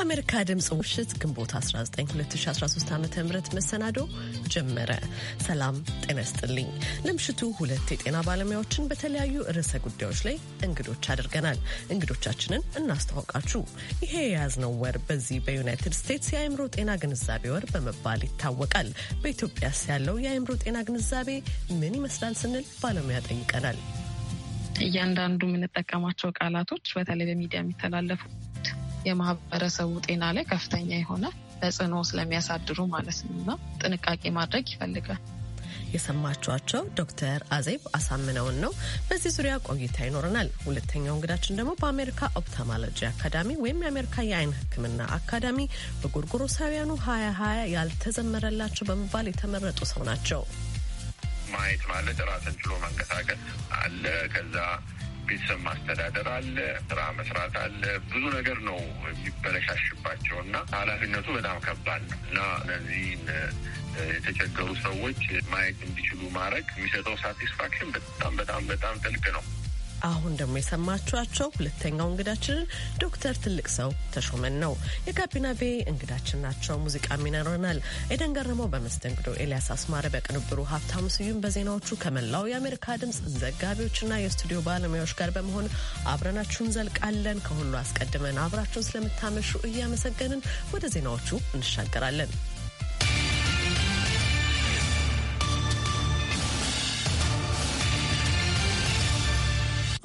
ከአሜሪካ ድምፅ ምሽት ግንቦት 19 2013 ዓ ም መሰናዶ ጀመረ። ሰላም ጤና ይስጥልኝ። ለምሽቱ ሁለት የጤና ባለሙያዎችን በተለያዩ ርዕሰ ጉዳዮች ላይ እንግዶች አድርገናል። እንግዶቻችንን እናስተዋውቃችሁ። ይሄ የያዝነው ወር በዚህ በዩናይትድ ስቴትስ የአእምሮ ጤና ግንዛቤ ወር በመባል ይታወቃል። በኢትዮጵያስ ያለው የአእምሮ ጤና ግንዛቤ ምን ይመስላል ስንል ባለሙያ ጠይቀናል። እያንዳንዱ የምንጠቀማቸው ቃላቶች በተለይ በሚዲያ የሚተላለፉ የማህበረሰቡ ጤና ላይ ከፍተኛ የሆነ ተጽዕኖ ስለሚያሳድሩ ማለት ነው እና ጥንቃቄ ማድረግ ይፈልጋል። የሰማችኋቸው ዶክተር አዜብ አሳምነውን ነው። በዚህ ዙሪያ ቆይታ ይኖረናል። ሁለተኛው እንግዳችን ደግሞ በአሜሪካ ኦፕታማሎጂ አካዳሚ ወይም የአሜሪካ የአይን ሕክምና አካዳሚ በጎርጎሮሳውያኑ ሀያ ሀያ ያልተዘመረላቸው በመባል የተመረጡ ሰው ናቸው። ማየት ማለት ራስን ችሎ መንቀሳቀስ አለ። ከዛ ቤተሰብ ማስተዳደር አለ፣ ስራ መስራት አለ። ብዙ ነገር ነው የሚበለሻሽባቸው እና ኃላፊነቱ በጣም ከባድ ነው እና እነዚህን የተቸገሩ ሰዎች ማየት እንዲችሉ ማድረግ የሚሰጠው ሳቲስፋክሽን በጣም በጣም በጣም ጥልቅ ነው። አሁን ደግሞ የሰማችኋቸው ሁለተኛው እንግዳችንን ዶክተር ትልቅ ሰው ተሾመን ነው። የጋቢና ቤ እንግዳችን ናቸው። ሙዚቃ ሚነሮናል ኤደን ገረመው በመስተንግዶ፣ ኤልያስ አስማረ በቅንብሩ፣ ሀብታሙ ስዩም በዜናዎቹ ከመላው የአሜሪካ ድምፅ ዘጋቢዎችና የስቱዲዮ ባለሙያዎች ጋር በመሆን አብረናችሁ እንዘልቃለን። ከሁሉ አስቀድመን አብራችሁን ስለምታመሹ እያመሰገንን ወደ ዜናዎቹ እንሻገራለን።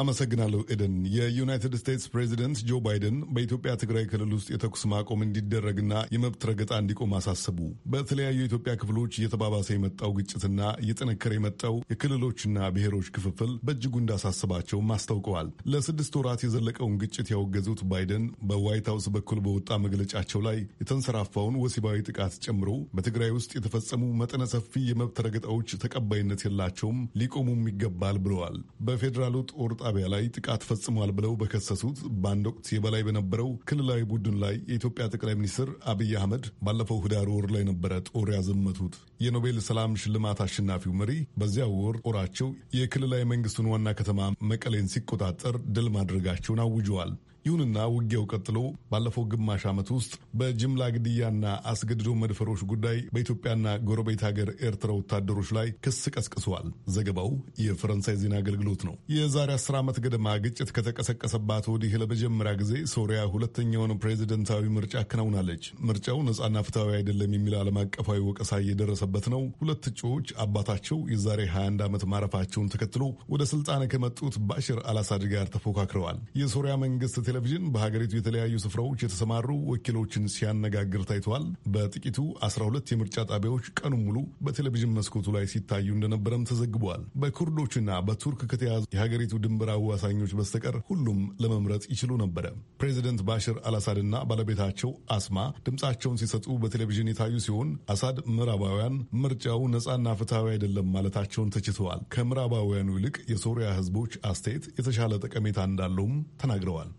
አመሰግናለሁ ኤደን። የዩናይትድ ስቴትስ ፕሬዚደንት ጆ ባይደን በኢትዮጵያ ትግራይ ክልል ውስጥ የተኩስ ማቆም እንዲደረግና የመብት ረገጣ እንዲቆም አሳሰቡ። በተለያዩ የኢትዮጵያ ክፍሎች እየተባባሰ የመጣው ግጭትና እየጠነከረ የመጣው የክልሎችና ብሔሮች ክፍፍል በእጅጉ እንዳሳስባቸውም አስታውቀዋል። ለስድስት ወራት የዘለቀውን ግጭት ያወገዙት ባይደን በዋይት ሀውስ በኩል በወጣ መግለጫቸው ላይ የተንሰራፋውን ወሲባዊ ጥቃት ጨምሮ በትግራይ ውስጥ የተፈጸሙ መጠነ ሰፊ የመብት ረገጣዎች ተቀባይነት የላቸውም፣ ሊቆሙም ይገባል ብለዋል። በፌዴራሉ ጦር ጣቢያ ላይ ጥቃት ፈጽሟል ብለው በከሰሱት በአንድ ወቅት የበላይ በነበረው ክልላዊ ቡድን ላይ የኢትዮጵያ ጠቅላይ ሚኒስትር አብይ አህመድ ባለፈው ህዳር ወር ላይ ነበረ ጦር ያዘመቱት። የኖቤል ሰላም ሽልማት አሸናፊው መሪ በዚያ ወር ጦራቸው የክልላዊ መንግስቱን ዋና ከተማ መቀሌን ሲቆጣጠር ድል ማድረጋቸውን አውጀዋል። ይሁንና ውጊያው ቀጥሎ ባለፈው ግማሽ ዓመት ውስጥ በጅምላ ግድያና አስገድዶ መድፈሮች ጉዳይ በኢትዮጵያና ጎረቤት ሀገር ኤርትራ ወታደሮች ላይ ክስ ቀስቅሰዋል። ዘገባው የፈረንሳይ ዜና አገልግሎት ነው። የዛሬ አስር ዓመት ገደማ ግጭት ከተቀሰቀሰባት ወዲህ ለመጀመሪያ ጊዜ ሶሪያ ሁለተኛውን ፕሬዚደንታዊ ምርጫ አከናውናለች። ምርጫው ነጻና ፍትሐዊ አይደለም የሚል ዓለም አቀፋዊ ወቀሳ እየደረሰበት ነው። ሁለት እጩዎች አባታቸው የዛሬ 21 ዓመት ማረፋቸውን ተከትሎ ወደ ስልጣን ከመጡት ባሽር አላሳድ ጋር ተፎካክረዋል። የሶሪያ መንግስት ቴሌቪዥን በሀገሪቱ የተለያዩ ስፍራዎች የተሰማሩ ወኪሎችን ሲያነጋግር ታይተዋል። በጥቂቱ 12 የምርጫ ጣቢያዎች ቀኑ ሙሉ በቴሌቪዥን መስኮቱ ላይ ሲታዩ እንደነበረም ተዘግቧል። በኩርዶችና በቱርክ ከተያዙ የሀገሪቱ ድንበር አዋሳኞች በስተቀር ሁሉም ለመምረጥ ይችሉ ነበረ። ፕሬዚደንት ባሽር አልአሳድና ባለቤታቸው አስማ ድምፃቸውን ሲሰጡ በቴሌቪዥን የታዩ ሲሆን አሳድ ምዕራባውያን ምርጫው ነጻና ፍትሐዊ አይደለም ማለታቸውን ተችተዋል። ከምዕራባውያኑ ይልቅ የሶሪያ ህዝቦች አስተያየት የተሻለ ጠቀሜታ እንዳለውም ተናግረዋል።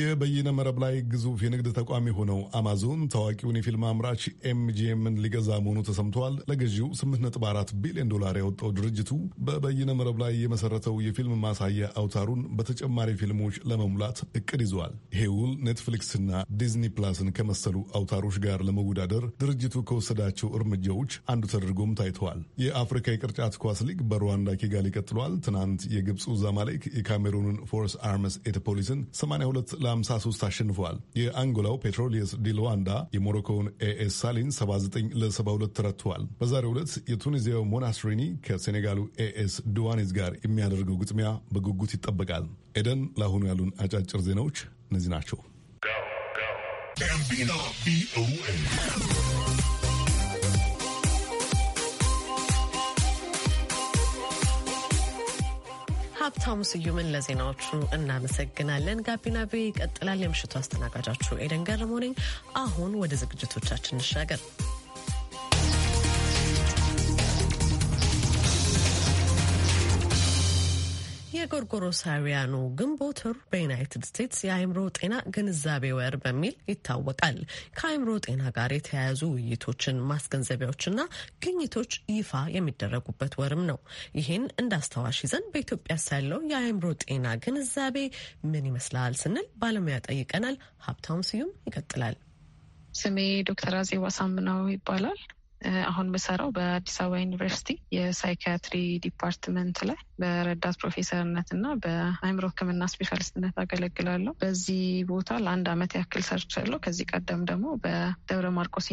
የበይነ መረብ ላይ ግዙፍ የንግድ ተቋም የሆነው አማዞን ታዋቂውን የፊልም አምራች ኤምጂኤምን ሊገዛ መሆኑ ተሰምተዋል። ለገዢው 8.4 ቢሊዮን ዶላር ያወጣው ድርጅቱ በበይነ መረብ ላይ የመሰረተው የፊልም ማሳያ አውታሩን በተጨማሪ ፊልሞች ለመሙላት እቅድ ይዘዋል። ሄውል ኔትፍሊክስና ዲዝኒ ፕላስን ከመሰሉ አውታሮች ጋር ለመወዳደር ድርጅቱ ከወሰዳቸው እርምጃዎች አንዱ ተደርጎም ታይተዋል። የአፍሪካ የቅርጫት ኳስ ሊግ በሩዋንዳ ኪጋሊ ቀጥሏል። ትናንት የግብፁ ዛማሌክ የካሜሩንን ፎርስ አርምስ ኤትፖሊስን 82 ለ53 አሸንፈዋል። የአንጎላው ፔትሮሊየስ ዲልዋንዳ የሞሮኮውን ኤኤስ ሳሊን 79 ለ72 ረትተዋል። በዛሬው ዕለት የቱኒዚያው ሞናስሪኒ ከሴኔጋሉ ኤኤስ ዱዋኔዝ ጋር የሚያደርገው ግጥሚያ በጉጉት ይጠበቃል። ኤደን፣ ለአሁኑ ያሉን አጫጭር ዜናዎች እነዚህ ናቸው። ሀብታሙ ስዩምን ለዜናዎቹ እናመሰግናለን። ጋቢና ቤ ይቀጥላል። የምሽቱ አስተናጋጃችሁ ኤደን ገርሞ አሁን ወደ ዝግጅቶቻችን እንሻገር። የጎርጎሮሳውያኑ ግንቦት ወር በዩናይትድ ስቴትስ የአእምሮ ጤና ግንዛቤ ወር በሚል ይታወቃል። ከአእምሮ ጤና ጋር የተያያዙ ውይይቶችን፣ ማስገንዘቢያዎችና ግኝቶች ይፋ የሚደረጉበት ወርም ነው። ይህን እንዳስታዋሽ ይዘን በኢትዮጵያ ያለው የአእምሮ ጤና ግንዛቤ ምን ይመስላል ስንል ባለሙያ ጠይቀናል። ሀብታውም ስዩም ይቀጥላል። ስሜ ዶክተር አዜብ አሳምነው ይባላል። አሁን ምሰራው በአዲስ አበባ ዩኒቨርሲቲ የሳይኪያትሪ ዲፓርትመንት ላይ በረዳት ፕሮፌሰርነት እና በአእምሮ ሕክምና ስፔሻሊስትነት አገለግላለሁ። በዚህ ቦታ ለአንድ አመት ያክል ሰርቻለሁ። ከዚህ ቀደም ደግሞ በደብረ ማርቆስ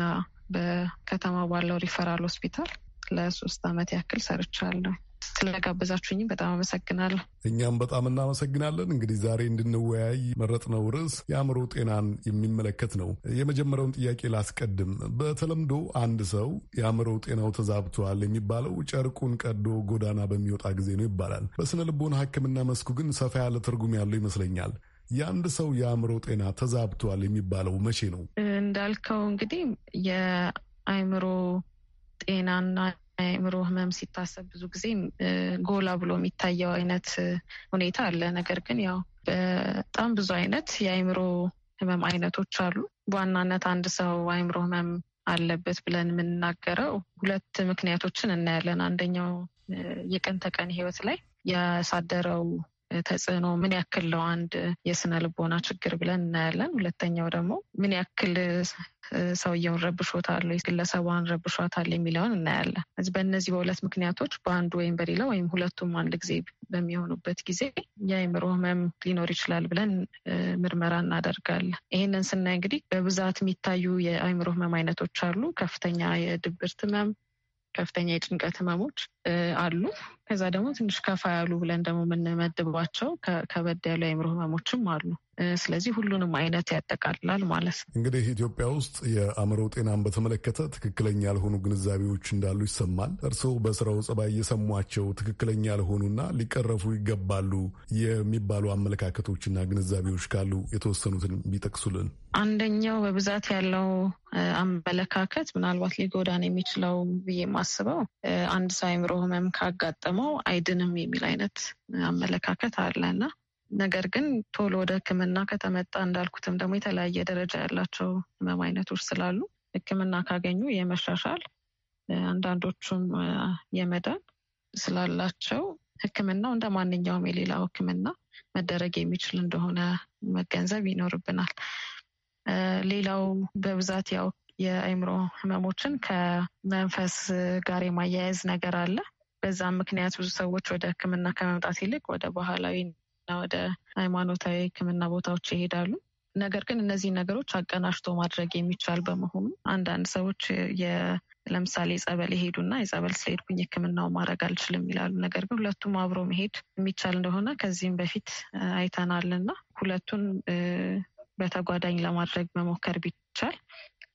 ና በከተማ ባለው ሪፈራል ሆስፒታል ለሶስት አመት ያክል ሰርቻለሁ። ስለጋበዛችሁኝም በጣም አመሰግናለሁ። እኛም በጣም እናመሰግናለን። እንግዲህ ዛሬ እንድንወያይ መረጥነው ርዕስ የአእምሮ ጤናን የሚመለከት ነው። የመጀመሪያውን ጥያቄ ላስቀድም። በተለምዶ አንድ ሰው የአእምሮ ጤናው ተዛብቷል የሚባለው ጨርቁን ቀዶ ጎዳና በሚወጣ ጊዜ ነው ይባላል። በስነ ልቦና ሕክምና መስኩ ግን ሰፋ ያለ ትርጉም ያለው ይመስለኛል። የአንድ ሰው የአእምሮ ጤና ተዛብቷል የሚባለው መቼ ነው? እንዳልከው እንግዲህ የአእምሮ ጤናና የአእምሮ ህመም ሲታሰብ ብዙ ጊዜ ጎላ ብሎ የሚታየው አይነት ሁኔታ አለ። ነገር ግን ያው በጣም ብዙ አይነት የአእምሮ ህመም አይነቶች አሉ። በዋናነት አንድ ሰው አእምሮ ህመም አለበት ብለን የምንናገረው ሁለት ምክንያቶችን እናያለን። አንደኛው የቀን ተቀን ህይወት ላይ ያሳደረው ተጽዕኖ ምን ያክል ነው አንድ የስነ ልቦና ችግር ብለን እናያለን። ሁለተኛው ደግሞ ምን ያክል ሰውየውን ረብሾታል፣ ግለሰቧን ረብሿታል የሚለውን እናያለን። እዚህ በእነዚህ በሁለት ምክንያቶች በአንዱ ወይም በሌላ ወይም ሁለቱም አንድ ጊዜ በሚሆኑበት ጊዜ የአእምሮ ህመም ሊኖር ይችላል ብለን ምርመራ እናደርጋለን። ይህንን ስናይ እንግዲህ በብዛት የሚታዩ የአእምሮ ህመም አይነቶች አሉ። ከፍተኛ የድብርት ህመም፣ ከፍተኛ የጭንቀት ህመሞች አሉ። ከዛ ደግሞ ትንሽ ከፋ ያሉ ብለን ደግሞ የምንመድባቸው ከበድ ያሉ የአእምሮ ህመሞችም አሉ። ስለዚህ ሁሉንም አይነት ያጠቃልላል ማለት ነው። እንግዲህ ኢትዮጵያ ውስጥ የአእምሮ ጤናን በተመለከተ ትክክለኛ ያልሆኑ ግንዛቤዎች እንዳሉ ይሰማል። እርስዎ በስራው ጸባይ የሰሟቸው ትክክለኛ ያልሆኑና ሊቀረፉ ይገባሉ የሚባሉ አመለካከቶችና ግንዛቤዎች ካሉ የተወሰኑትን ቢጠቅሱልን። አንደኛው በብዛት ያለው አመለካከት ምናልባት ሊጎዳን የሚችለው ብዬ የማስበው አንድ ሰው አእምሮ ህመም ካጋጠመው ደግሞ አይድንም የሚል አይነት አመለካከት አለና ነገር ግን ቶሎ ወደ ሕክምና ከተመጣ እንዳልኩትም ደግሞ የተለያየ ደረጃ ያላቸው ህመም አይነቶች ስላሉ ሕክምና ካገኙ የመሻሻል አንዳንዶቹም የመዳን ስላላቸው ሕክምናው እንደ ማንኛውም የሌላው ሕክምና መደረግ የሚችል እንደሆነ መገንዘብ ይኖርብናል። ሌላው በብዛት ያው የአይምሮ ህመሞችን ከመንፈስ ጋር የማያያዝ ነገር አለ። በዛም ምክንያት ብዙ ሰዎች ወደ ሕክምና ከመምጣት ይልቅ ወደ ባህላዊ እና ወደ ሃይማኖታዊ ሕክምና ቦታዎች ይሄዳሉ። ነገር ግን እነዚህ ነገሮች አቀናሽቶ ማድረግ የሚቻል በመሆኑ አንዳንድ ሰዎች ለምሳሌ ጸበል የሄዱና የጸበል ስለሄድኩኝ ህክምናው ማድረግ አልችልም ይላሉ። ነገር ግን ሁለቱም አብሮ መሄድ የሚቻል እንደሆነ ከዚህም በፊት አይተናልና ሁለቱን በተጓዳኝ ለማድረግ መሞከር ቢቻል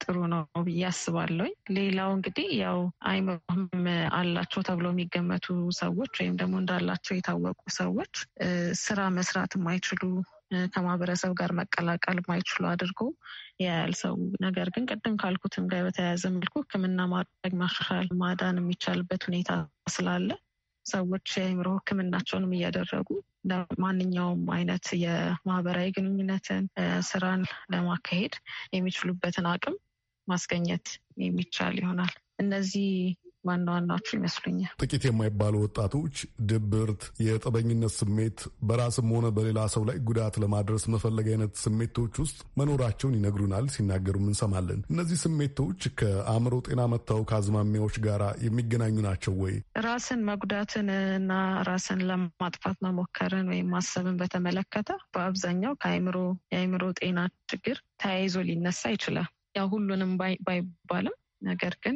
ጥሩ ነው ብዬ አስባለሁኝ ሌላው እንግዲህ ያው አይምሮ አላቸው ተብሎ የሚገመቱ ሰዎች ወይም ደግሞ እንዳላቸው የታወቁ ሰዎች ስራ መስራት የማይችሉ ከማህበረሰብ ጋር መቀላቀል ማይችሉ አድርጎ ያያል ሰው። ነገር ግን ቅድም ካልኩትም ጋር በተያያዘ መልኩ ሕክምና ማድረግ ማሻሻል፣ ማዳን የሚቻልበት ሁኔታ ስላለ ሰዎች የአእምሮ ሕክምናቸውንም እያደረጉ ለማንኛውም አይነት የማህበራዊ ግንኙነትን ስራን ለማካሄድ የሚችሉበትን አቅም ማስገኘት የሚቻል ይሆናል። እነዚህ ዋና ዋናዎቹ ይመስሉኛል። ጥቂት የማይባሉ ወጣቶች ድብርት፣ የጠበኝነት ስሜት፣ በራስም ሆነ በሌላ ሰው ላይ ጉዳት ለማድረስ መፈለግ አይነት ስሜቶች ውስጥ መኖራቸውን ይነግሩናል፣ ሲናገሩም እንሰማለን። እነዚህ ስሜቶች ከአእምሮ ጤና መታወክ አዝማሚያዎች ጋር የሚገናኙ ናቸው ወይ? ራስን መጉዳትን እና ራስን ለማጥፋት መሞከርን ወይም ማሰብን በተመለከተ በአብዛኛው ከአእምሮ የአእምሮ ጤና ችግር ተያይዞ ሊነሳ ይችላል። ያው ሁሉንም ባይባልም ነገር ግን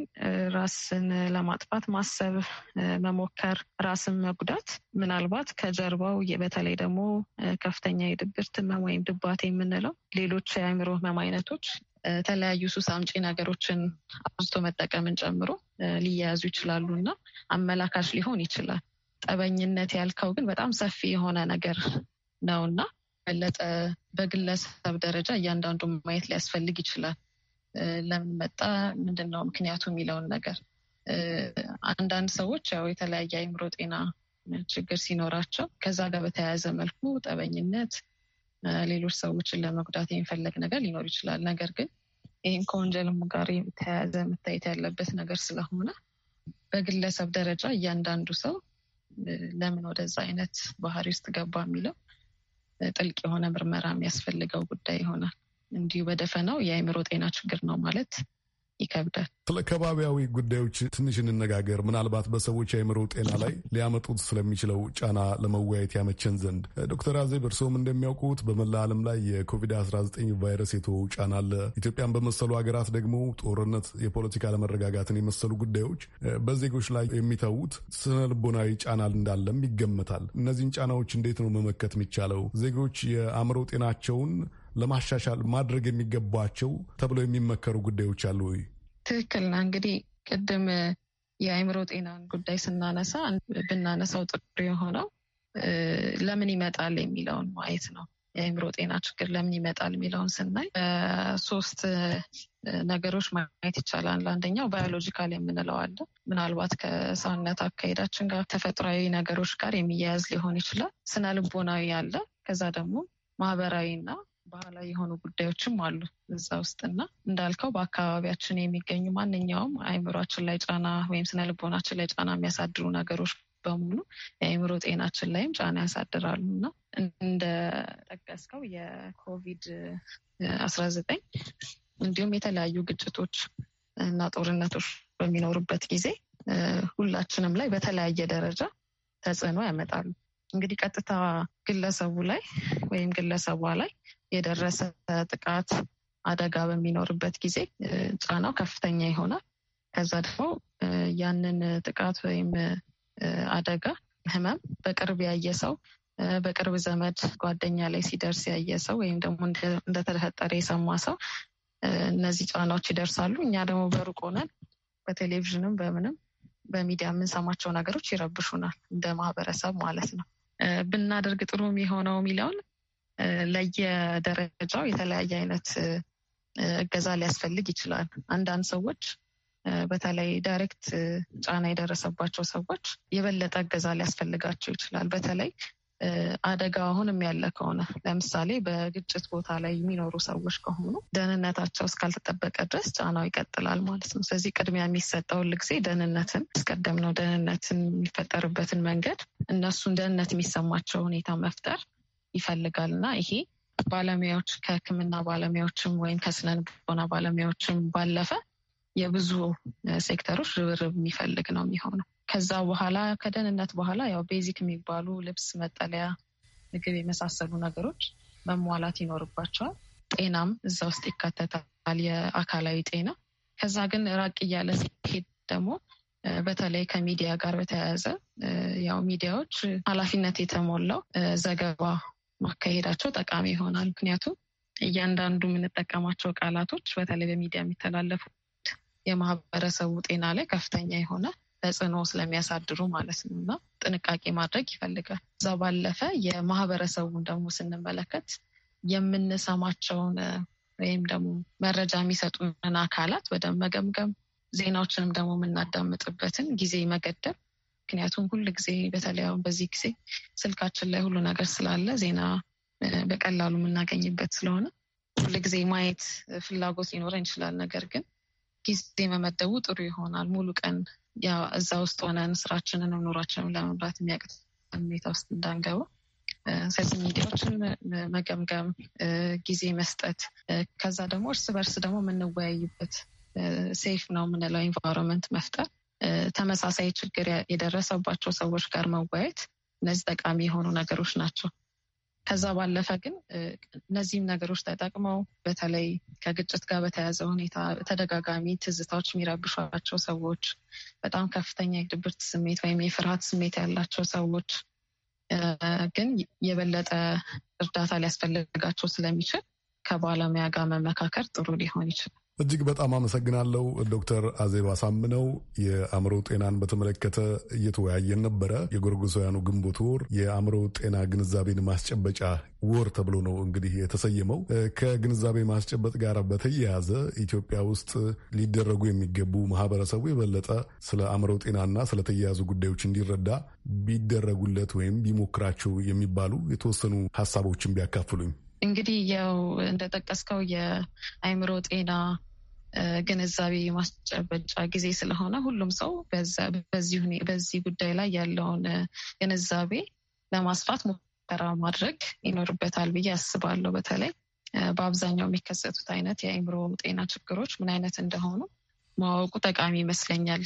ራስን ለማጥፋት ማሰብ፣ መሞከር፣ ራስን መጉዳት ምናልባት ከጀርባው በተለይ ደግሞ ከፍተኛ የድብርት ህመም ወይም ድባት የምንለው ሌሎች የአእምሮ ህመም አይነቶች የተለያዩ ሱስ አምጪ ነገሮችን አብዝቶ መጠቀምን ጨምሮ ሊያያዙ ይችላሉ እና አመላካች ሊሆን ይችላል። ጠበኝነት ያልከው ግን በጣም ሰፊ የሆነ ነገር ነው እና በለጠ በግለሰብ ደረጃ እያንዳንዱ ማየት ሊያስፈልግ ይችላል። ለምን መጣ፣ ምንድን ነው ምክንያቱ የሚለውን ነገር አንዳንድ ሰዎች ያው የተለያየ አይምሮ ጤና ችግር ሲኖራቸው ከዛ ጋር በተያያዘ መልኩ ጠበኝነት፣ ሌሎች ሰዎችን ለመጉዳት የሚፈለግ ነገር ሊኖር ይችላል። ነገር ግን ይህም ከወንጀልም ጋር የተያያዘ መታየት ያለበት ነገር ስለሆነ በግለሰብ ደረጃ እያንዳንዱ ሰው ለምን ወደዛ አይነት ባህሪ ውስጥ ገባ የሚለው ጥልቅ የሆነ ምርመራ የሚያስፈልገው ጉዳይ ይሆናል። እንዲሁ በደፈናው የአእምሮ ጤና ችግር ነው ማለት ይከብዳል። ስለ ከባቢያዊ ጉዳዮች ትንሽ እንነጋገር። ምናልባት በሰዎች የአእምሮ ጤና ላይ ሊያመጡት ስለሚችለው ጫና ለመወያየት ያመቸን ዘንድ ዶክተር አዜብ እርስዎም እንደሚያውቁት በመላ ዓለም ላይ የኮቪድ-19 ቫይረስ የተወው ጫና አለ። ኢትዮጵያን በመሰሉ ሀገራት ደግሞ ጦርነት፣ የፖለቲካ አለመረጋጋትን የመሰሉ ጉዳዮች በዜጎች ላይ የሚተዉት ስነ ልቦናዊ ጫና እንዳለም ይገመታል። እነዚህን ጫናዎች እንዴት ነው መመከት የሚቻለው? ዜጎች የአእምሮ ጤናቸውን ለማሻሻል ማድረግ የሚገባቸው ተብለው የሚመከሩ ጉዳዮች አሉ ወይ? ትክክል ና እንግዲህ ቅድም የአእምሮ ጤናን ጉዳይ ስናነሳ ብናነሳው ጥሩ የሆነው ለምን ይመጣል የሚለውን ማየት ነው። የአእምሮ ጤና ችግር ለምን ይመጣል የሚለውን ስናይ ሶስት ነገሮች ማየት ይቻላል። አንደኛው ባዮሎጂካል የምንለው አለ። ምናልባት ከሰውነት አካሄዳችን ጋር ተፈጥሯዊ ነገሮች ጋር የሚያያዝ ሊሆን ይችላል። ስነ ልቦናዊ አለ። ከዛ ደግሞ ማህበራዊ ባህላዊ የሆኑ ጉዳዮችም አሉ እዛ ውስጥ እና እንዳልከው በአካባቢያችን የሚገኙ ማንኛውም አይምሯችን ላይ ጫና ወይም ስነ ልቦናችን ላይ ጫና የሚያሳድሩ ነገሮች በሙሉ የአእምሮ ጤናችን ላይም ጫና ያሳድራሉ እና እንደ ጠቀስከው የኮቪድ አስራ ዘጠኝ እንዲሁም የተለያዩ ግጭቶች እና ጦርነቶች በሚኖሩበት ጊዜ ሁላችንም ላይ በተለያየ ደረጃ ተጽዕኖ ያመጣሉ። እንግዲህ ቀጥታ ግለሰቡ ላይ ወይም ግለሰቧ ላይ የደረሰ ጥቃት አደጋ በሚኖርበት ጊዜ ጫናው ከፍተኛ ይሆናል። ከዛ ደግሞ ያንን ጥቃት ወይም አደጋ ህመም በቅርብ ያየ ሰው በቅርብ ዘመድ ጓደኛ ላይ ሲደርስ ያየ ሰው ወይም ደግሞ እንደተፈጠረ የሰማ ሰው እነዚህ ጫናዎች ይደርሳሉ። እኛ ደግሞ በሩቅ ሆነን በቴሌቪዥንም በምንም በሚዲያ የምንሰማቸው ነገሮች ይረብሹናል፣ እንደ ማህበረሰብ ማለት ነው። ብናደርግ ጥሩ የሆነው የሚለውን ለየደረጃው የተለያየ አይነት እገዛ ሊያስፈልግ ይችላል። አንዳንድ ሰዎች በተለይ ዳይሬክት ጫና የደረሰባቸው ሰዎች የበለጠ እገዛ ሊያስፈልጋቸው ይችላል። በተለይ አደጋ አሁንም ያለ ከሆነ ለምሳሌ በግጭት ቦታ ላይ የሚኖሩ ሰዎች ከሆኑ ደህንነታቸው እስካልተጠበቀ ድረስ ጫናው ይቀጥላል ማለት ነው። ስለዚህ ቅድሚያ የሚሰጠው ሁልጊዜ ደህንነትን አስቀደም ነው። ደህንነትን የሚፈጠርበትን መንገድ እነሱን ደህንነት የሚሰማቸው ሁኔታ መፍጠር ይፈልጋል እና ይሄ ባለሙያዎች ከሕክምና ባለሙያዎችም ወይም ከስነ ልቦና ባለሙያዎችም ባለፈ የብዙ ሴክተሮች ርብርብ የሚፈልግ ነው የሚሆነው። ከዛ በኋላ ከደህንነት በኋላ ያው ቤዚክ የሚባሉ ልብስ፣ መጠለያ፣ ምግብ የመሳሰሉ ነገሮች መሟላት ይኖርባቸዋል። ጤናም እዛ ውስጥ ይካተታል፣ የአካላዊ ጤና። ከዛ ግን ራቅ እያለ ሲሄድ ደግሞ በተለይ ከሚዲያ ጋር በተያያዘ ያው ሚዲያዎች ኃላፊነት የተሞላው ዘገባ ማካሄዳቸው ጠቃሚ ይሆናል። ምክንያቱም እያንዳንዱ የምንጠቀማቸው ቃላቶች በተለይ በሚዲያ የሚተላለፉ የማህበረሰቡ ጤና ላይ ከፍተኛ የሆነ ተጽዕኖ ስለሚያሳድሩ ማለት ነው እና ጥንቃቄ ማድረግ ይፈልጋል። እዛ ባለፈ የማህበረሰቡን ደግሞ ስንመለከት የምንሰማቸውን ወይም ደግሞ መረጃ የሚሰጡንን አካላት ወደ መገምገም፣ ዜናዎችንም ደግሞ የምናዳምጥበትን ጊዜ መገደብ ምክንያቱም ሁል ጊዜ በተለይ በዚህ ጊዜ ስልካችን ላይ ሁሉ ነገር ስላለ ዜና በቀላሉ የምናገኝበት ስለሆነ ሁል ጊዜ ማየት ፍላጎት ሊኖረን ይችላል። ነገር ግን ጊዜ መመደቡ ጥሩ ይሆናል። ሙሉ ቀን እዛ ውስጥ ሆነን ስራችንን ኑሯችንን ለመምራት የሚያቅት ሁኔታ ውስጥ እንዳንገቡ ሶሻል ሚዲያዎችን መገምገም፣ ጊዜ መስጠት፣ ከዛ ደግሞ እርስ በርስ ደግሞ የምንወያይበት ሴፍ ነው የምንለው ኤንቫይሮንመንት መፍጠር፣ ተመሳሳይ ችግር የደረሰባቸው ሰዎች ጋር መወያየት፣ እነዚህ ጠቃሚ የሆኑ ነገሮች ናቸው። ከዛ ባለፈ ግን እነዚህም ነገሮች ተጠቅመው በተለይ ከግጭት ጋር በተያያዘ ሁኔታ ተደጋጋሚ ትዝታዎች የሚረብሿቸው ሰዎች፣ በጣም ከፍተኛ የድብርት ስሜት ወይም የፍርሃት ስሜት ያላቸው ሰዎች ግን የበለጠ እርዳታ ሊያስፈልጋቸው ስለሚችል ከባለሙያ ጋር መመካከር ጥሩ ሊሆን ይችላል። እጅግ በጣም አመሰግናለሁ ዶክተር አዜብ አሳምነው። የአእምሮ ጤናን በተመለከተ እየተወያየን ነበረ። የጎርጎሳውያኑ ግንቦት ወር የአእምሮ ጤና ግንዛቤን ማስጨበጫ ወር ተብሎ ነው እንግዲህ የተሰየመው። ከግንዛቤ ማስጨበጥ ጋር በተያያዘ ኢትዮጵያ ውስጥ ሊደረጉ የሚገቡ ማህበረሰቡ የበለጠ ስለ አእምሮ ጤናና ስለተያያዙ ጉዳዮች እንዲረዳ ቢደረጉለት ወይም ቢሞክራቸው የሚባሉ የተወሰኑ ሀሳቦችን ቢያካፍሉኝ። እንግዲህ ያው እንደጠቀስከው የአእምሮ ጤና ግንዛቤ ማስጨበጫ ጊዜ ስለሆነ ሁሉም ሰው በዚህ ጉዳይ ላይ ያለውን ግንዛቤ ለማስፋት ሙከራ ማድረግ ይኖርበታል ብዬ አስባለሁ። በተለይ በአብዛኛው የሚከሰቱት አይነት የአእምሮ ጤና ችግሮች ምን አይነት እንደሆኑ ማወቁ ጠቃሚ ይመስለኛል።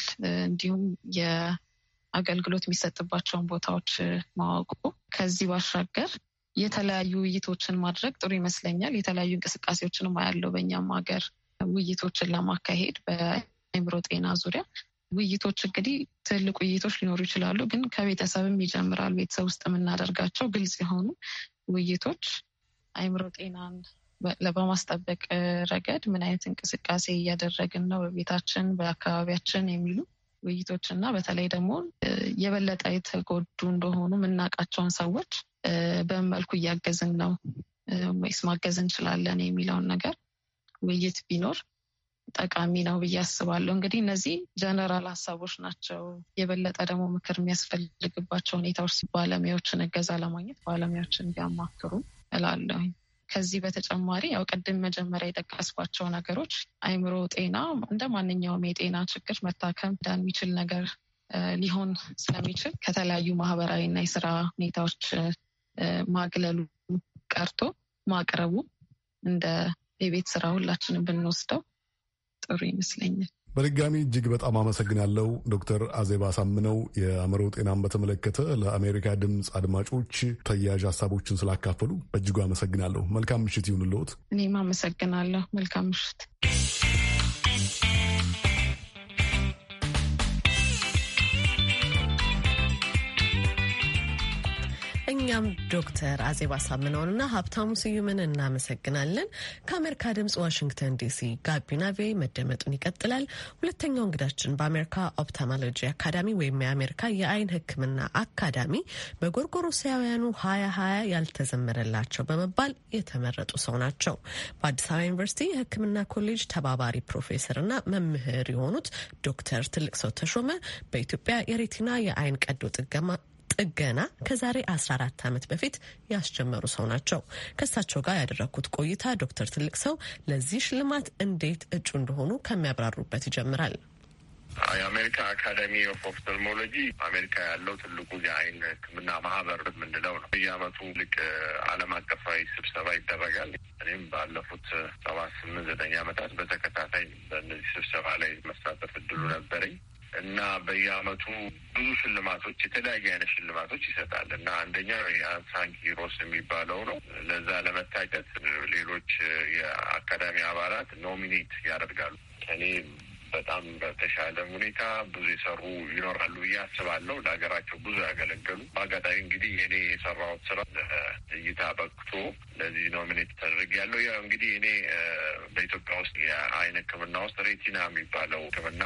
እንዲሁም የአገልግሎት የሚሰጥባቸውን ቦታዎች ማወቁ። ከዚህ ባሻገር የተለያዩ ውይይቶችን ማድረግ ጥሩ ይመስለኛል። የተለያዩ እንቅስቃሴዎችንም አያለው በእኛም ሀገር ውይይቶችን ለማካሄድ በአእምሮ ጤና ዙሪያ ውይይቶች እንግዲህ ትልቅ ውይይቶች ሊኖሩ ይችላሉ፣ ግን ከቤተሰብም ይጀምራል። ቤተሰብ ውስጥ የምናደርጋቸው ግልጽ የሆኑ ውይይቶች አእምሮ ጤናን በማስጠበቅ ረገድ ምን አይነት እንቅስቃሴ እያደረግን ነው በቤታችን፣ በአካባቢያችን የሚሉ ውይይቶች እና በተለይ ደግሞ የበለጠ የተጎዱ እንደሆኑ የምናውቃቸውን ሰዎች በምን መልኩ እያገዝን ነው ወይስ ማገዝ እንችላለን የሚለውን ነገር ውይይት ቢኖር ጠቃሚ ነው ብዬ አስባለሁ። እንግዲህ እነዚህ ጀነራል ሀሳቦች ናቸው። የበለጠ ደግሞ ምክር የሚያስፈልግባቸው ሁኔታዎች ባለሙያዎችን እገዛ ለማግኘት ባለሙያዎችን ቢያማክሩ እላለሁ። ከዚህ በተጨማሪ ያው ቅድም መጀመሪያ የጠቀስኳቸው ነገሮች አይምሮ ጤና እንደ ማንኛውም የጤና ችግር መታከም ዳን የሚችል ነገር ሊሆን ስለሚችል ከተለያዩ እና የስራ ሁኔታዎች ማግለሉ ቀርቶ ማቅረቡ እንደ የቤት ስራ ሁላችንም ብንወስደው ጥሩ ይመስለኛል። በድጋሚ እጅግ በጣም አመሰግናለሁ ዶክተር አዜብ አሳምነው የአእምሮ ጤናን በተመለከተ ለአሜሪካ ድምፅ አድማጮች ተያያዥ ሀሳቦችን ስላካፈሉ በእጅጉ አመሰግናለሁ። መልካም ምሽት ይሁንልዎት። እኔም አመሰግናለሁ። መልካም ምሽት። እኛም ዶክተር አዜብ አሳምነውንና ሀብታሙ ስዩምን እናመሰግናለን። ከአሜሪካ ድምጽ ዋሽንግተን ዲሲ ጋቢና ቬ መደመጡን ይቀጥላል። ሁለተኛው እንግዳችን በአሜሪካ ኦፕታማሎጂ አካዳሚ ወይም የአሜሪካ የአይን ሕክምና አካዳሚ በጎርጎሮሳውያኑ ሀያ ሀያ ያልተዘመረላቸው በመባል የተመረጡ ሰው ናቸው። በአዲስ አበባ ዩኒቨርሲቲ የሕክምና ኮሌጅ ተባባሪ ፕሮፌሰርና መምህር የሆኑት ዶክተር ትልቅ ሰው ተሾመ በኢትዮጵያ የሬቲና የአይን ቀዶ ጥገማ ጥገና ከዛሬ 14 ዓመት በፊት ያስጀመሩ ሰው ናቸው። ከእሳቸው ጋር ያደረግኩት ቆይታ ዶክተር ትልቅ ሰው ለዚህ ሽልማት እንዴት እጩ እንደሆኑ ከሚያብራሩበት ይጀምራል። የአሜሪካ አካዳሚ ኦፍ ኦፍተልሞሎጂ አሜሪካ ያለው ትልቁ የአይን ሕክምና ማህበር የምንለው ነው። በየዓመቱ ልቅ ዓለም አቀፋዊ ስብሰባ ይደረጋል። እኔም ባለፉት ሰባት ስምንት ዘጠኝ ዓመታት በተከታታይ በእነዚህ ስብሰባ ላይ መሳተፍ እድሉ ነበረኝ። እና በየአመቱ ብዙ ሽልማቶች የተለያየ አይነት ሽልማቶች ይሰጣል እና አንደኛው የአንሳንግ ሂሮስ የሚባለው ነው። ለዛ ለመታጨት ሌሎች የአካዳሚ አባላት ኖሚኔት ያደርጋሉ። እኔ በጣም በተሻለ ሁኔታ ብዙ የሰሩ ይኖራሉ ብዬ አስባለሁ። ለሀገራቸው ብዙ ያገለገሉ በአጋጣሚ እንግዲህ የኔ የሰራሁት ስራ እይታ በክቶ ለዚህ ኖሚኔት ያለው ያው እንግዲህ እኔ በኢትዮጵያ ውስጥ የአይን ሕክምና ውስጥ ሬቲና የሚባለው ሕክምና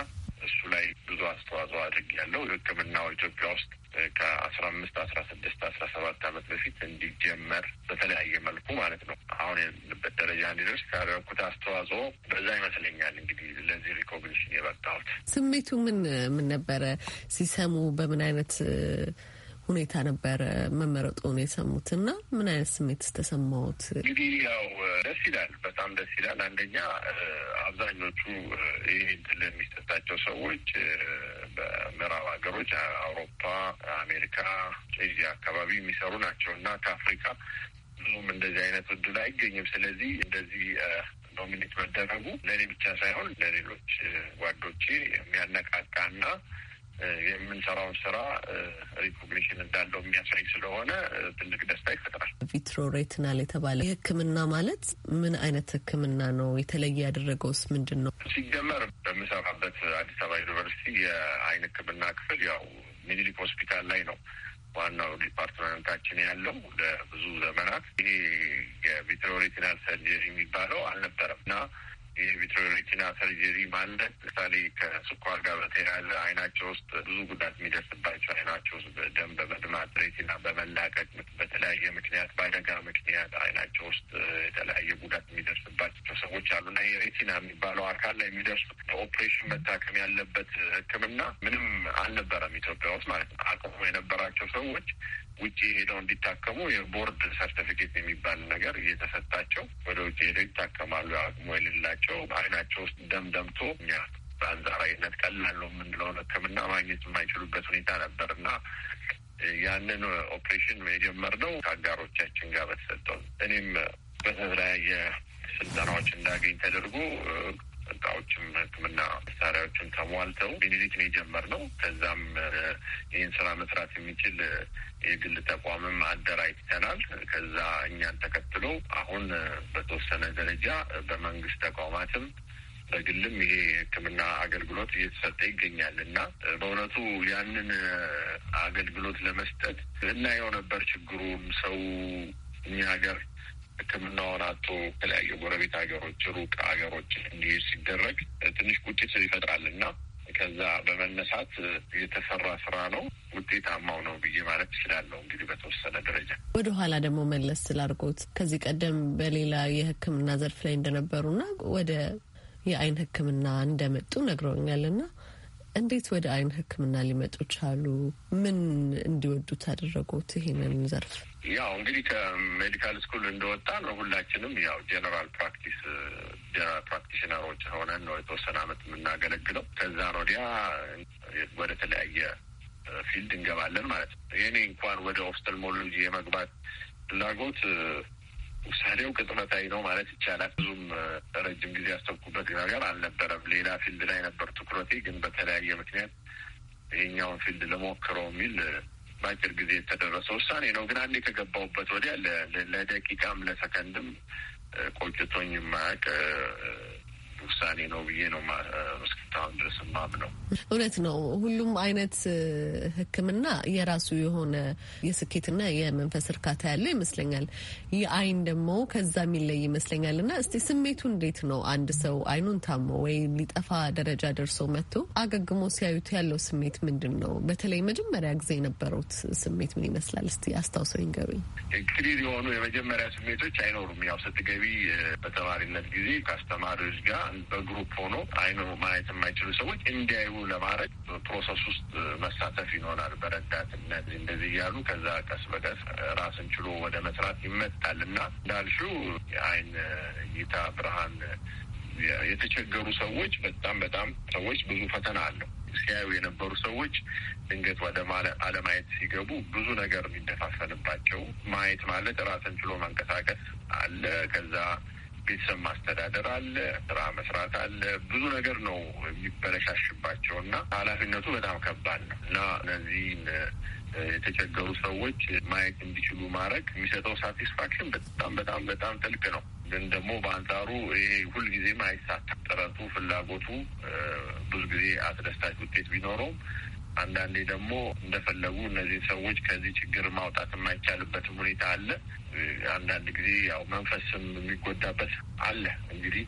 እሱ ላይ ብዙ አስተዋጽኦ አድርግ ያለው ሕክምናው ኢትዮጵያ ውስጥ ከአስራ አምስት አስራ ስድስት አስራ ሰባት ዓመት በፊት እንዲጀመር በተለያየ መልኩ ማለት ነው አሁን ያለንበት ደረጃ እንዲደርስ ካደረኩት አስተዋጽኦ በዛ ይመስለኛል እንግዲህ ለዚህ ሪኮግኒሽን የበቃሁት። ስሜቱ ምን ምን ነበረ ሲሰሙ በምን አይነት ሁኔታ ነበረ መመረጡን የሰሙት እና ምን አይነት ስሜት ተሰማዎት? እንግዲህ ያው ደስ ይላል፣ በጣም ደስ ይላል። አንደኛ አብዛኞቹ ይህ ድል የሚሰጣቸው ሰዎች በምዕራብ ሀገሮች፣ አውሮፓ፣ አሜሪካ፣ ኤዚያ አካባቢ የሚሰሩ ናቸው እና ከአፍሪካ ብዙም እንደዚህ አይነት እድል አይገኝም። ስለዚህ እንደዚህ ኖሚኔት መደረጉ ለእኔ ብቻ ሳይሆን ለሌሎች ጓዶቼ የሚያነቃቃና የምንሰራውን ስራ ሪኮግኒሽን እንዳለው የሚያሳይ ስለሆነ ትልቅ ደስታ ይፈጥራል። ቪትሮሬትናል የተባለ የህክምና ማለት ምን አይነት ህክምና ነው? የተለየ ያደረገውስ ምንድን ነው? ሲጀመር በምሰራበት አዲስ አበባ ዩኒቨርሲቲ የአይን ህክምና ክፍል ያው ሚኒሊክ ሆስፒታል ላይ ነው ዋናው ዲፓርትመንታችን ያለው ለብዙ ዘመናት ይሄ የቪትሮሬትናል ሰርጀሪ የሚባለው አልነበረም እና የቪትሮሬቲና ሰርጀሪ ማለት ምሳሌ ከስኳር ጋር በተያያዘ አይናቸው ውስጥ ብዙ ጉዳት የሚደርስባቸው አይናቸው ውስጥ ደም በመድማት ሬቲና በመላቀቅ በተለያየ ምክንያት በአደጋ ምክንያት አይናቸው ውስጥ የተለያየ ጉዳት የሚደርስባቸው ሰዎች አሉና የሬቲና የሚባለው አካል ላይ የሚደርሱት ኦፕሬሽን መታከም ያለበት ሕክምና ምንም አልነበረም ኢትዮጵያ ውስጥ ማለት ነው። አቅሙ የነበራቸው ሰዎች ውጭ ሄደው እንዲታከሙ የቦርድ ሰርቲፊኬት የሚባል ነገር እየተሰጣቸው ወደ ውጭ ሄደው ይታከማሉ። አቅሙ የሌላቸው አይናቸው ውስጥ ደም ደምቶ እኛ በአንጻራዊነት ቀላል ነው የምንለውን ሕክምና ማግኘት የማይችሉበት ሁኔታ ነበር እና ያንን ኦፕሬሽን የጀመርነው ከአጋሮቻችን ጋር በተሰጠው እኔም በተለያየ ስልጠናዎች እንዳገኝ ተደርጎ እቃዎችም ሕክምና መሳሪያዎችን ተሟልተው የጀመር ነው። ከዛም ይህን ስራ መስራት የሚችል የግል ተቋምም አደራጅተናል። ከዛ እኛን ተከትሎ አሁን በተወሰነ ደረጃ በመንግስት ተቋማትም በግልም ይሄ ሕክምና አገልግሎት እየተሰጠ ይገኛል እና በእውነቱ ያንን አገልግሎት ለመስጠት እናየው ነበር ችግሩም ሰው እኛ ሀገር ሕክምናውን አቶ የተለያዩ ጎረቤት ሀገሮች ሩቅ ሀገሮች እንዲሄድ ሲደረግ ትንሽ ቁጭት ይፈጥራል እና ከዛ በመነሳት የተሰራ ስራ ነው። ውጤታማው ነው ብዬ ማለት እችላለሁ። እንግዲህ በተወሰነ ደረጃ ወደ ኋላ ደግሞ መለስ ስላርጎት ከዚህ ቀደም በሌላ የህክምና ዘርፍ ላይ እንደነበሩና ወደ የአይን ህክምና እንደመጡ ነግረውኛል እና እንዴት ወደ አይን ህክምና ሊመጡ ቻሉ? ምን እንዲወዱት አደረጉት ይሄንን ዘርፍ? ያው እንግዲህ ከሜዲካል ስኩል እንደወጣ ነው ሁላችንም ያው ጀነራል ፕራክቲስ ጀነራል ፕራክቲሽነሮች ሆነን ነው የተወሰነ አመት የምናገለግለው። ከዛ ወዲያ ወደ ተለያየ ፊልድ እንገባለን ማለት ነው። የኔ እንኳን ወደ ኦፍተልሞሎጂ የመግባት ፍላጎት ውሳኔው ቅጥመታዊ ነው ማለት ይቻላል። ብዙም ረጅም ጊዜ ያሰብኩበት ነገር አልነበረም። ሌላ ፊልድ ላይ ነበር ትኩረቴ፣ ግን በተለያየ ምክንያት ይሄኛውን ፊልድ ለሞክረው የሚል በአጭር ጊዜ የተደረሰ ውሳኔ ነው። ግን አንዴ ከገባሁበት ወዲያ ለደቂቃም ለሰከንድም ቆጭቶኝ ማቅ ውሳኔ ነው ብዬ ነው እስካሁን ድረስ ማምነው። እውነት ነው። ሁሉም አይነት ሕክምና የራሱ የሆነ የስኬትና የመንፈስ እርካታ ያለው ይመስለኛል። የአይን ደግሞ ከዛ የሚለይ ይመስለኛል። እና እስቲ ስሜቱ እንዴት ነው? አንድ ሰው አይኑን ታሞ ወይ ሊጠፋ ደረጃ ደርሶ መጥቶ አገግሞ ሲያዩት ያለው ስሜት ምንድን ነው? በተለይ መጀመሪያ ጊዜ የነበረውት ስሜት ምን ይመስላል? እስቲ አስታውሰው ይንገሩኝ። እንግዲህ የሆኑ የመጀመሪያ ስሜቶች አይኖሩም። ያው ስትገቢ በተማሪነት ጊዜ ከአስተማሪዎች ጋር በግሩፕ ሆኖ አይኖ ማየት የማይችሉ ሰዎች እንዲያዩ ለማድረግ ፕሮሰስ ውስጥ መሳተፍ ይኖራል። በረዳትነት እንደዚህ እያሉ ከዛ ቀስ በቀስ ራስን ችሎ ወደ መስራት ይመጣል እና እንዳልሹ የአይን እይታ ብርሃን የተቸገሩ ሰዎች በጣም በጣም ሰዎች ብዙ ፈተና አለው። ሲያዩ የነበሩ ሰዎች ድንገት ወደ አለማየት ሲገቡ ብዙ ነገር የሚደፋፈንባቸው ማየት ማለት ራስን ችሎ መንቀሳቀስ አለ ከዛ ቤተሰብ ማስተዳደር አለ፣ ስራ መስራት አለ። ብዙ ነገር ነው የሚበለሻሽባቸው እና ኃላፊነቱ በጣም ከባድ ነው እና እነዚህን የተቸገሩ ሰዎች ማየት እንዲችሉ ማድረግ የሚሰጠው ሳቲስፋክሽን በጣም በጣም በጣም ጥልቅ ነው። ግን ደግሞ በአንጻሩ ይሄ ሁልጊዜም አይሳታም። ጥረቱ፣ ፍላጎቱ ብዙ ጊዜ አስደስታች ውጤት ቢኖረውም አንዳንዴ ደግሞ እንደፈለጉ እነዚህ ሰዎች ከዚህ ችግር ማውጣት የማይቻልበትም ሁኔታ አለ። አንዳንድ ጊዜ ያው መንፈስም የሚጎዳበት አለ። እንግዲህ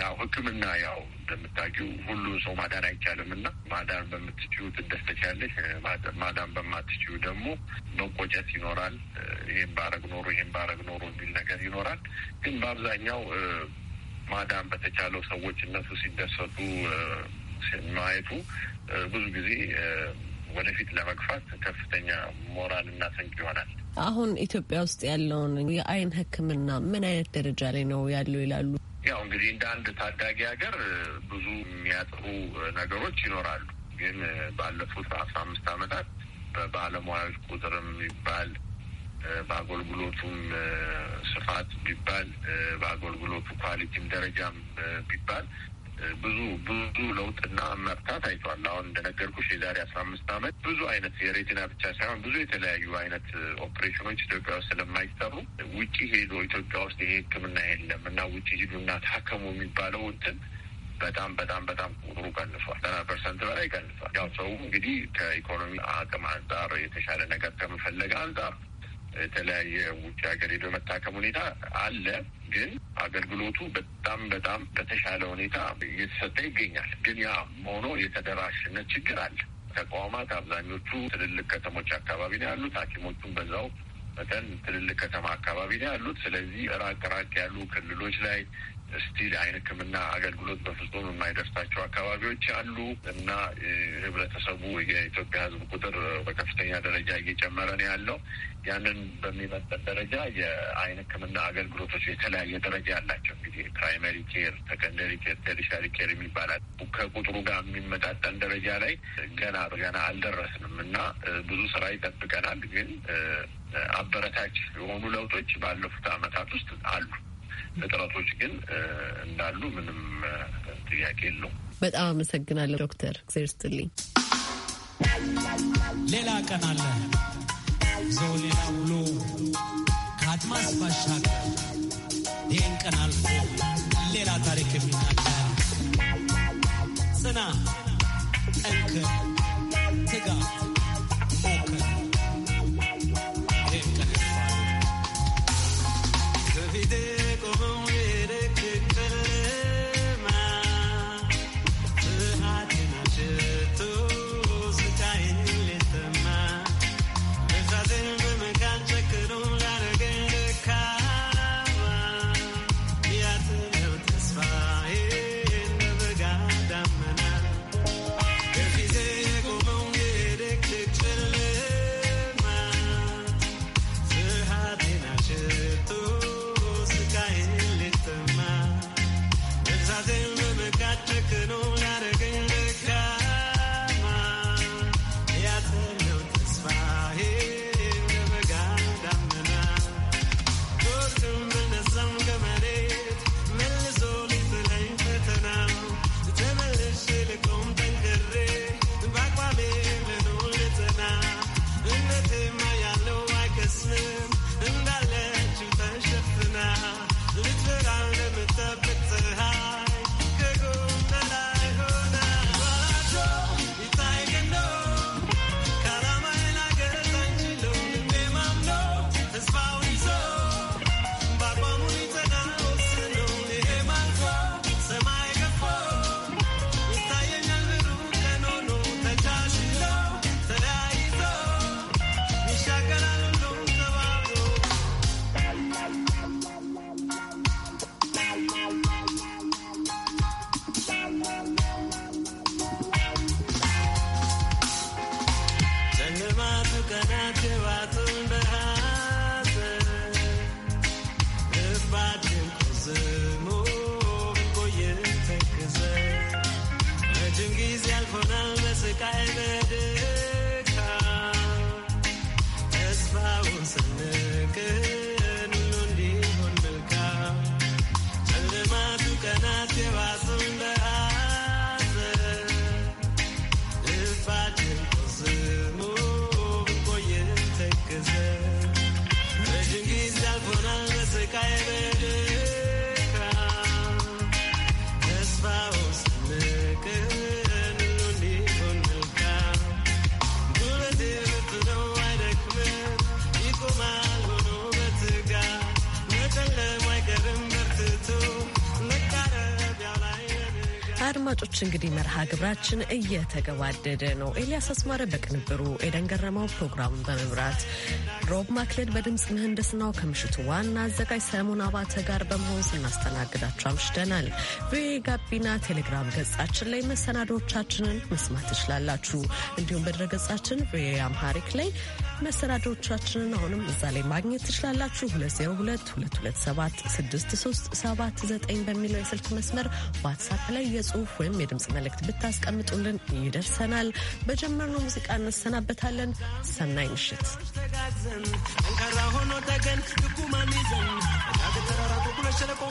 ያው ሕክምና ያው እንደምታውቂው ሁሉ ሰው ማዳን አይቻልም እና ማዳን በምትችው ትደስተቻለች። ማዳን በማትችው ደግሞ መቆጨት ይኖራል። ይህን ባረግ ኖሮ ይህን ባረግ ኖሮ የሚል ነገር ይኖራል። ግን በአብዛኛው ማዳን በተቻለው ሰዎች እነሱ ሲደሰቱ ማየቱ ብዙ ጊዜ ወደፊት ለመግፋት ከፍተኛ ሞራልና ስንቅ ይሆናል። አሁን ኢትዮጵያ ውስጥ ያለውን የአይን ሕክምና ምን አይነት ደረጃ ላይ ነው ያለው ይላሉ? ያው እንግዲህ እንደ አንድ ታዳጊ ሀገር ብዙ የሚያጥሩ ነገሮች ይኖራሉ። ግን ባለፉት አስራ አምስት አመታት በባለሙያዎች ቁጥርም ይባል በአገልግሎቱም ስፋት ቢባል በአገልግሎቱ ኳሊቲም ደረጃም ቢባል ብዙ ብዙ ለውጥና መፍታት አይቷል። አሁን እንደነገርኩሽ የዛሬ አስራ አምስት ዓመት ብዙ አይነት የሬቲና ብቻ ሳይሆን ብዙ የተለያዩ አይነት ኦፕሬሽኖች ኢትዮጵያ ውስጥ ስለማይሰሩ ውጭ ሄዶ ኢትዮጵያ ውስጥ ይሄ ሕክምና የለም እና ውጭ ሂዱና ታከሙ የሚባለው እንትን በጣም በጣም በጣም ቁጥሩ ቀንሷል። ዘጠና ፐርሰንት በላይ ቀንሷል። ያው ሰውም እንግዲህ ከኢኮኖሚ አቅም አንጻር የተሻለ ነገር ከመፈለገ አንጻር የተለያየ ውጭ ሀገር ሄዶ መታከም ሁኔታ አለ። ግን አገልግሎቱ በጣም በጣም በተሻለ ሁኔታ እየተሰጠ ይገኛል። ግን ያ ሆኖ የተደራሽነት ችግር አለ። ተቋማት አብዛኞቹ ትልልቅ ከተሞች አካባቢ ነው ያሉት። ሐኪሞቹም በዛው መጠን ትልልቅ ከተማ አካባቢ ነው ያሉት። ስለዚህ ራቅ ራቅ ያሉ ክልሎች ላይ ስቲል አይን ህክምና አገልግሎት በፍጹም የማይደርሳቸው አካባቢዎች አሉ እና ህብረተሰቡ የኢትዮጵያ ህዝብ ቁጥር በከፍተኛ ደረጃ እየጨመረ ነው ያለው። ያንን በሚመጠን ደረጃ የአይን ህክምና አገልግሎቶች የተለያየ ደረጃ ያላቸው እንግዲህ ፕራይመሪ ኬር፣ ሰከንደሪ ኬር፣ ቴሪሻሪ ኬር የሚባላል ከቁጥሩ ጋር የሚመጣጠን ደረጃ ላይ ገና ገና አልደረስንም እና ብዙ ስራ ይጠብቀናል። ግን አበረታች የሆኑ ለውጦች ባለፉት አመታት ውስጥ አሉ። ነጥረቶች ግን እንዳሉ ምንም ጥያቄ የለው። በጣም አመሰግናለሁ ዶክተር እግዜር ይስጥልኝ። ሌላ ቀን አለ ዘው ሌላ ውሎ ከአድማስ ባሻገር ይህን ቀን አልፎ ሌላ ታሪክ የሚናገር ጽና፣ ጠንክር፣ ትጋ አድማጮች እንግዲህ መርሃ ግብራችን እየተገባደደ ነው። ኤልያስ አስማረ በቅንብሩ፣ ኤደን ገረመው ፕሮግራሙን በመምራት ሮብ ማክሌድ በድምፅ ምህንድስናው ከምሽቱ ዋና አዘጋጅ ሰለሞን አባተ ጋር በመሆን ስናስተናግዳችሁ አምሽደናል። ቪኦኤ ጋቢና ቴሌግራም ገጻችን ላይ መሰናዶዎቻችንን መስማት ትችላላችሁ። እንዲሁም በድረ ገጻችን ቪኦኤ አምሃሪክ ላይ መሰናዶዎቻችንን አሁንም እዛ ላይ ማግኘት ትችላላችሁ። 2022276379 በሚለው የስልክ መስመር ዋትሳፕ ላይ የጽሁፍ ወይም የድምፅ መልእክት ብታስቀምጡልን ይደርሰናል። በጀመርነው ሙዚቃ እንሰናበታለን። ሰናይ ምሽት። ጠንካራ ሆኖ ተገን ድጉማን ይዘን ተራራቶ ሁለት ሸለቆ